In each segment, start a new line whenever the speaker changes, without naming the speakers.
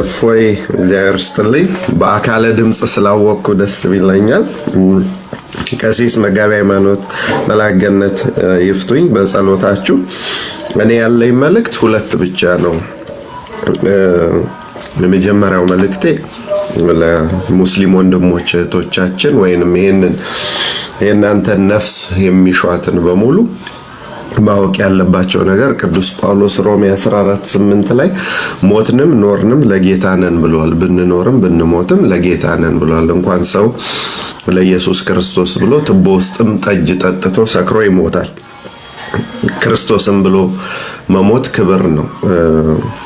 እፎይ እግዚአብሔር ስጥልኝ። በአካለ ድምፅ ስላወቅኩ ደስ ይለኛል። ቀሲስ መጋቢ ሃይማኖት መላገነት ይፍቱኝ በጸሎታችሁ። እኔ ያለኝ መልእክት ሁለት ብቻ ነው። የመጀመሪያው መልእክቴ ለሙስሊም ወንድሞች እህቶቻችን ወይንም ይህንን የእናንተን ነፍስ የሚሿትን በሙሉ ማወቅ ያለባቸው ነገር ቅዱስ ጳውሎስ ሮሜ 14 8 ላይ ሞትንም ኖርንም ለጌታ ነን ብሏል። ብንኖርም ብንሞትም ለጌታ ነን ብሏል። እንኳን ሰው ለኢየሱስ ክርስቶስ ብሎ ትቦ ውስጥም ጠጅ ጠጥቶ ሰክሮ ይሞታል። ክርስቶስን ብሎ መሞት ክብር ነው።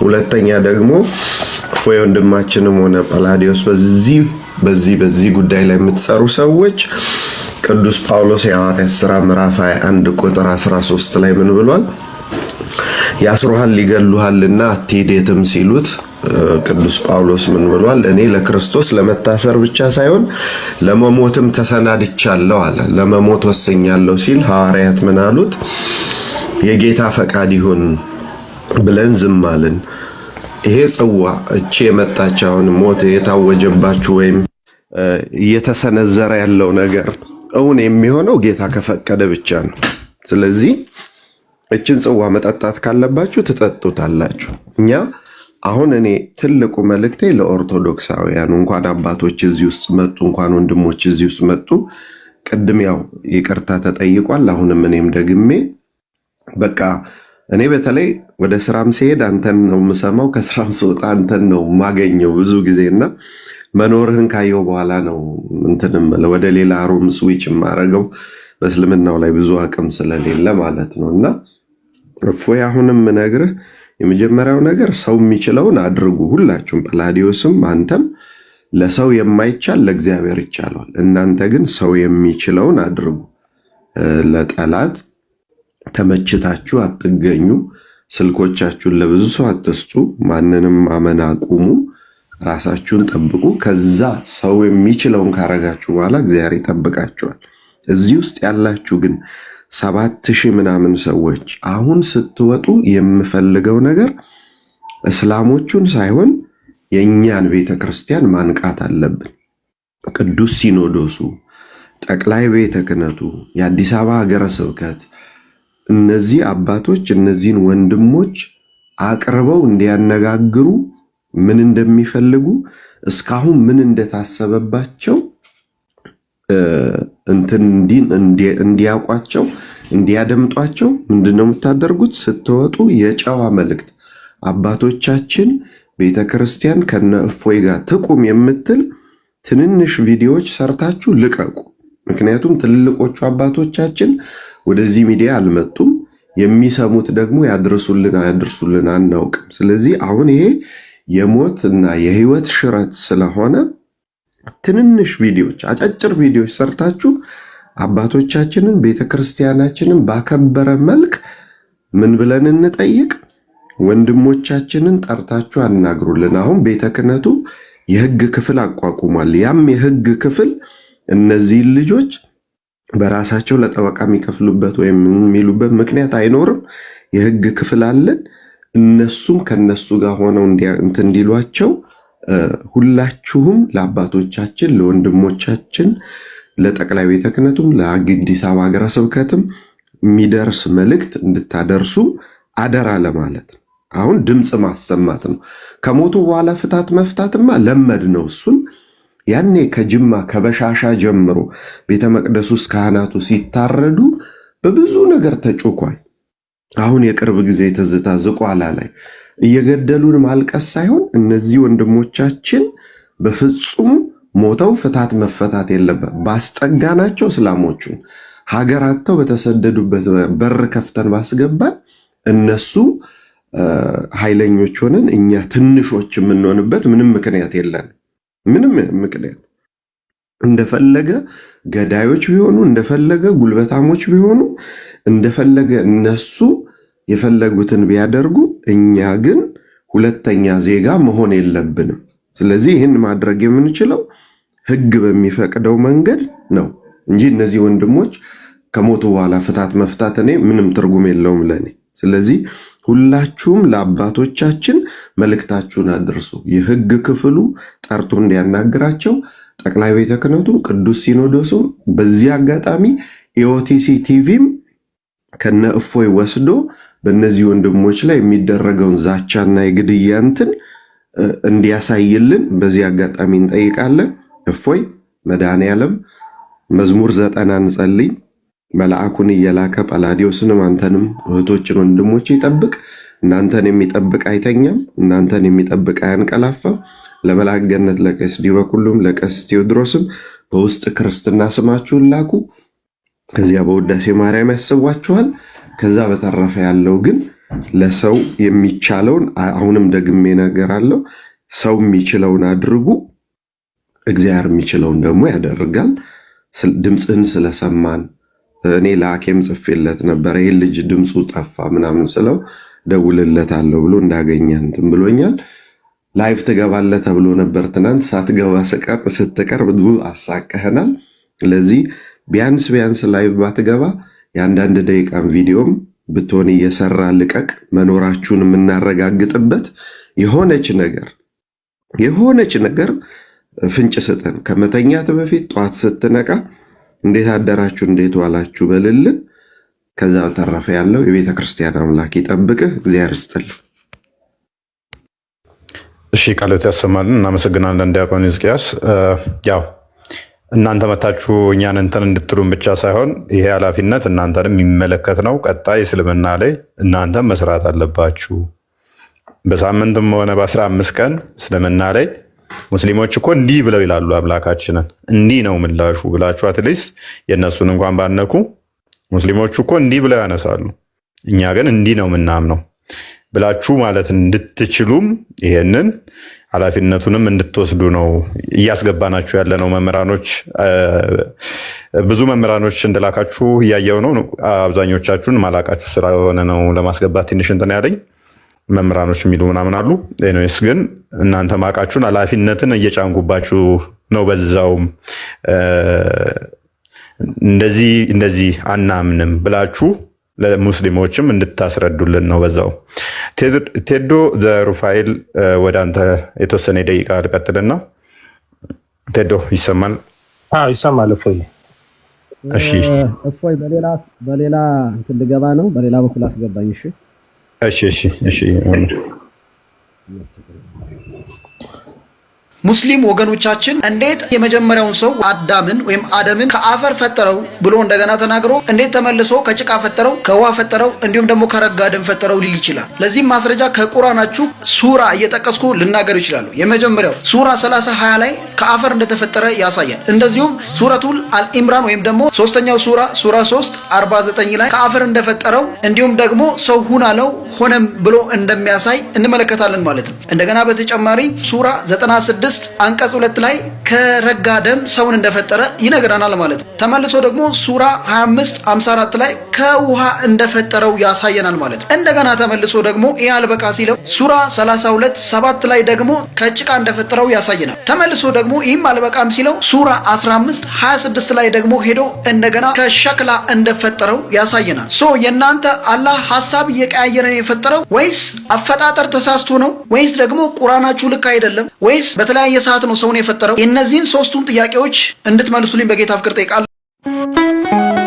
ሁለተኛ ደግሞ ፎይ ወንድማችንም ሆነ ጳላዲዮስ በዚህ በዚህ በዚህ ጉዳይ ላይ የምትሰሩ ሰዎች ቅዱስ ጳውሎስ የሐዋርያት ሥራ ምዕራፍ 21 ቁጥር 13 ላይ ምን ብሏል? ያስሩሃል ሊገሉሃልና አትሂድ የትም ሲሉት ቅዱስ ጳውሎስ ምን ብሏል? እኔ ለክርስቶስ ለመታሰር ብቻ ሳይሆን ለመሞትም ተሰናድቻለሁ አለ። ለመሞት ወሰኛለሁ ሲል ሐዋርያት ምን አሉት? የጌታ ፈቃድ ይሁን ብለን ዝም አልን። ይሄ ጽዋ እቺ የመጣች አሁን ሞት የታወጀባችሁ ወይም እየተሰነዘረ ያለው ነገር እውን የሚሆነው ጌታ ከፈቀደ ብቻ ነው። ስለዚህ እችን ጽዋ መጠጣት ካለባችሁ ትጠጡታላችሁ። እኛ አሁን እኔ ትልቁ መልእክቴ ለኦርቶዶክሳውያኑ እንኳን አባቶች እዚህ ውስጥ መጡ፣ እንኳን ወንድሞች እዚህ ውስጥ መጡ። ቅድም ያው ይቅርታ ተጠይቋል። አሁንም እኔም ደግሜ በቃ እኔ በተለይ ወደ ስራም ሲሄድ አንተን ነው የምሰማው፣ ከስራም ስወጣ አንተን ነው ማገኘው ብዙ እና መኖርህን ካየው በኋላ ነው እንትንም ወደ ሌላ ሮም ስዊች የማደርገው በእስልምናው ላይ ብዙ አቅም ስለሌለ ማለት ነው። እና እፎይ አሁንም ምነግርህ የመጀመሪያው ነገር ሰው የሚችለውን አድርጉ ሁላችሁም፣ ፕላዲዮስም አንተም ለሰው የማይቻል ለእግዚአብሔር ይቻለዋል። እናንተ ግን ሰው የሚችለውን አድርጉ። ለጠላት ተመችታችሁ አትገኙ። ስልኮቻችሁን ለብዙ ሰው አትስጡ። ማንንም አመን አቁሙ። ራሳችሁን ጠብቁ። ከዛ ሰው የሚችለውን ካረጋችሁ በኋላ እግዚአብሔር ይጠብቃችኋል። እዚህ ውስጥ ያላችሁ ግን ሰባት ሺህ ምናምን ሰዎች አሁን ስትወጡ የምፈልገው ነገር እስላሞቹን ሳይሆን የእኛን ቤተ ክርስቲያን ማንቃት አለብን። ቅዱስ ሲኖዶሱ፣ ጠቅላይ ቤተ ክህነቱ፣ የአዲስ አበባ ሀገረ ስብከት እነዚህ አባቶች እነዚህን ወንድሞች አቅርበው እንዲያነጋግሩ ምን እንደሚፈልጉ እስካሁን ምን እንደታሰበባቸው እንትን እንዲያውቋቸው እንዲያደምጧቸው ምንድን ነው የምታደርጉት? ስትወጡ የጨዋ መልእክት አባቶቻችን ቤተ ክርስቲያን ከነ እፎይ ጋር ትቁም የምትል ትንንሽ ቪዲዮዎች ሰርታችሁ ልቀቁ። ምክንያቱም ትልልቆቹ አባቶቻችን ወደዚህ ሚዲያ አልመጡም። የሚሰሙት ደግሞ ያድርሱልን አያድርሱልን አናውቅም። ስለዚህ አሁን ይሄ የሞት እና የህይወት ሽረት ስለሆነ ትንንሽ ቪዲዮዎች፣ አጫጭር ቪዲዮዎች ሰርታችሁ አባቶቻችንን ቤተክርስቲያናችንን ባከበረ መልክ ምን ብለን እንጠይቅ? ወንድሞቻችንን ጠርታችሁ አናግሩልን። አሁን ቤተ ክህነቱ የህግ ክፍል አቋቁሟል። ያም የህግ ክፍል እነዚህን ልጆች በራሳቸው ለጠበቃ የሚከፍሉበት ወይም የሚሉበት ምክንያት አይኖርም። የህግ ክፍል አለን። እነሱም ከነሱ ጋር ሆነው እንትን እንዲሏቸው ሁላችሁም ለአባቶቻችን፣ ለወንድሞቻችን፣ ለጠቅላይ ቤተ ክህነቱም፣ ለአዲስ አበባ ሀገረ ስብከትም የሚደርስ መልእክት እንድታደርሱ አደራ ለማለት ነው። አሁን ድምፅ ማሰማት ነው። ከሞቱ በኋላ ፍታት መፍታትማ ለመድ ነው። እሱን ያኔ ከጅማ ከበሻሻ ጀምሮ ቤተ መቅደስ ውስጥ ካህናቱ ሲታረዱ በብዙ ነገር ተጮኳል። አሁን የቅርብ ጊዜ ትዝታ ዝቋላ ላይ እየገደሉን ማልቀስ ሳይሆን እነዚህ ወንድሞቻችን በፍጹም ሞተው ፍታት መፈታት የለበት ባስጠጋናቸው እስላሞቹን ሀገር አጥተው በተሰደዱበት በር ከፍተን ባስገባን እነሱ ኃይለኞች ሆነን እኛ ትንሾች የምንሆንበት ምንም ምክንያት የለን። ምንም ምክንያት እንደፈለገ ገዳዮች ቢሆኑ እንደፈለገ ጉልበታሞች ቢሆኑ እንደፈለገ እነሱ የፈለጉትን ቢያደርጉ እኛ ግን ሁለተኛ ዜጋ መሆን የለብንም። ስለዚህ ይህን ማድረግ የምንችለው ሕግ በሚፈቅደው መንገድ ነው እንጂ እነዚህ ወንድሞች ከሞቱ በኋላ ፍታት መፍታት እኔ ምንም ትርጉም የለውም ለእኔ። ስለዚህ ሁላችሁም ለአባቶቻችን መልእክታችሁን አድርሱ። የሕግ ክፍሉ ጠርቶ እንዲያናግራቸው ጠቅላይ ቤተ ክህነቱም ቅዱስ ሲኖዶሱም በዚህ አጋጣሚ ኢኦቲሲ ቲቪም ከነ እፎይ ወስዶ በእነዚህ ወንድሞች ላይ የሚደረገውን ዛቻና የግድያ እንትን እንዲያሳይልን በዚህ አጋጣሚ እንጠይቃለን። እፎይ መድኃኔ ዓለም መዝሙር ዘጠና እንጸልይ። መልአኩን እየላከ ጳላዲዮስንም አንተንም እህቶችን ወንድሞች ይጠብቅ። እናንተን የሚጠብቅ አይተኛም፣ እናንተን የሚጠብቅ አያንቀላፋም። ለመልአክ ገነት ለቀሲስ ዲበኩሉም ለቀሲስ ቴዎድሮስም በውስጥ ክርስትና ስማችሁን ላኩ። ከዚያ በውዳሴ ማርያም ያስቧችኋል። ከዛ በተረፈ ያለው ግን ለሰው የሚቻለውን አሁንም ደግሜ ነገር አለው ሰው የሚችለውን አድርጉ፣ እግዚአብሔር የሚችለውን ደግሞ ያደርጋል። ድምፅህን ስለሰማን እኔ ለአኬም ጽፌለት ነበረ ይህን ልጅ ድምፁ ጠፋ ምናምን ስለው ደውልለታለሁ ብሎ እንዳገኘ እንትን ብሎኛል። ላይፍ ትገባለህ ተብሎ ነበር ትናንት፣ ሳትገባ ስትቀር ብዙ አሳቀህናል። ለዚህ ቢያንስ ቢያንስ ላይቭ ባትገባ የአንዳንድ ደቂቃን ቪዲዮም ብትሆን እየሰራ ልቀቅ። መኖራችሁን የምናረጋግጥበት የሆነች ነገር የሆነች ነገር ፍንጭ ስጠን። ከመተኛት በፊት ጠዋት ስትነቃ እንዴት አደራችሁ፣ እንዴት ዋላችሁ በልልን። ከዛ በተረፈ ያለው የቤተ ክርስቲያን አምላክ ይጠብቅህ። እግዚአብሔር ይስጥልህ። እሺ፣ ቃሎት ያሰማልን። እናመሰግናለን ዲያቆን ሕዝቅያስ ያው እናንተ መታችሁ እኛን እንትን እንድትሉን ብቻ ሳይሆን ይሄ ኃላፊነት እናንተንም የሚመለከት ነው። ቀጣይ እስልምና ላይ እናንተም መስራት አለባችሁ። በሳምንትም ሆነ በአስራ አምስት ቀን እስልምና ላይ ሙስሊሞች እኮ እንዲህ ብለው ይላሉ አምላካችንን እንዲህ ነው ምላሹ ብላችሁ አትሊስ የእነሱን እንኳን ባነኩ ሙስሊሞቹ እኮ እንዲህ ብለው ያነሳሉ። እኛ ግን እንዲህ ነው ምናምነው ብላችሁ ማለት እንድትችሉም ይሄንን ኃላፊነቱንም እንድትወስዱ ነው እያስገባናችሁ ያለ ነው። መምህራኖች ብዙ መምህራኖች እንደላካችሁ እያየው ነው። አብዛኞቻችሁን ማላቃችሁ ስለሆነ ነው ለማስገባት ትንሽ እንትን ያለኝ መምህራኖች የሚሉ ምናምን አሉ። ስ ግን እናንተ ማቃችሁን ኃላፊነትን እየጫንኩባችሁ ነው። በዛውም እንደዚህ እንደዚህ አናምንም ብላችሁ ለሙስሊሞችም እንድታስረዱልን ነው። በዛው ቴዶ ዘሩፋኤል ወደ አንተ የተወሰነ ደቂቃ ልቀጥልና፣ ቴዶ ይሰማል?
ይሰማል። እፎይ እሺ፣ እፎይ በሌላ እንትን ልገባ ነው። በሌላ በኩል አስገባኝ።
እሺ፣ እሺ፣ እሺ፣ እሺ
ሙስሊም ወገኖቻችን እንዴት የመጀመሪያውን ሰው አዳምን ወይም አደምን ከአፈር ፈጠረው ብሎ እንደገና ተናግሮ እንዴት ተመልሶ ከጭቃ ፈጠረው፣ ከውሃ ፈጠረው፣ እንዲሁም ደግሞ ከረጋ ፈጠረው ሊል ይችላል። ለዚህም ማስረጃ ከቁራናችሁ ሱራ እየጠቀስኩ ልናገር ይችላሉ። የመጀመሪያው ሱራ 30 ላይ ከአፈር እንደተፈጠረ ያሳያል። እንደዚሁም ሱረቱል አልኢምራን ወይም ደግሞ ሶስተኛው ሱራ ሱራ 3 49 ላይ ከአፈር እንደፈጠረው እንዲሁም ደግሞ ሰው ሁን አለው ሆነም ብሎ እንደሚያሳይ እንመለከታለን ማለት ነው። እንደገና በተጨማሪ ሱራ 96 ስድስት አንቀጽ ሁለት ላይ ከረጋ ደም ሰውን እንደፈጠረ ይነግረናል ማለት ነው። ተመልሶ ደግሞ ሱራ 25 54 ላይ ከውሃ እንደፈጠረው ያሳየናል ማለት ነው። እንደገና ተመልሶ ደግሞ ኢያልበቃ አልበቃ ሲለው ሱራ 32 7 ላይ ደግሞ ከጭቃ እንደፈጠረው ያሳየናል። ተመልሶ ደግሞ ይህም አልበቃም ሲለው ሱራ 15 26 ላይ ደግሞ ሄዶ እንደገና ከሸክላ እንደፈጠረው ያሳየናል። ሶ የእናንተ አላህ ሀሳብ እየቀያየረን የፈጠረው ወይስ አፈጣጠር ተሳስቶ ነው ወይስ ደግሞ ቁራናችሁ ልክ አይደለም ወይስ በተለ በተለያየ ሰዓት ነው ሰውን የፈጠረው? የእነዚህን ሶስቱን ጥያቄዎች እንድትመልሱልኝ በጌታ ፍቅር ጠይቃለሁ።